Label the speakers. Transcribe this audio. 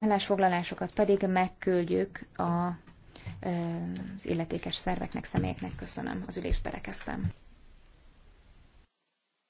Speaker 1: állásfoglalásokat pedig megküldjük a, az illetékes szerveknek, személyeknek. Köszönöm, az ülést berekeztem.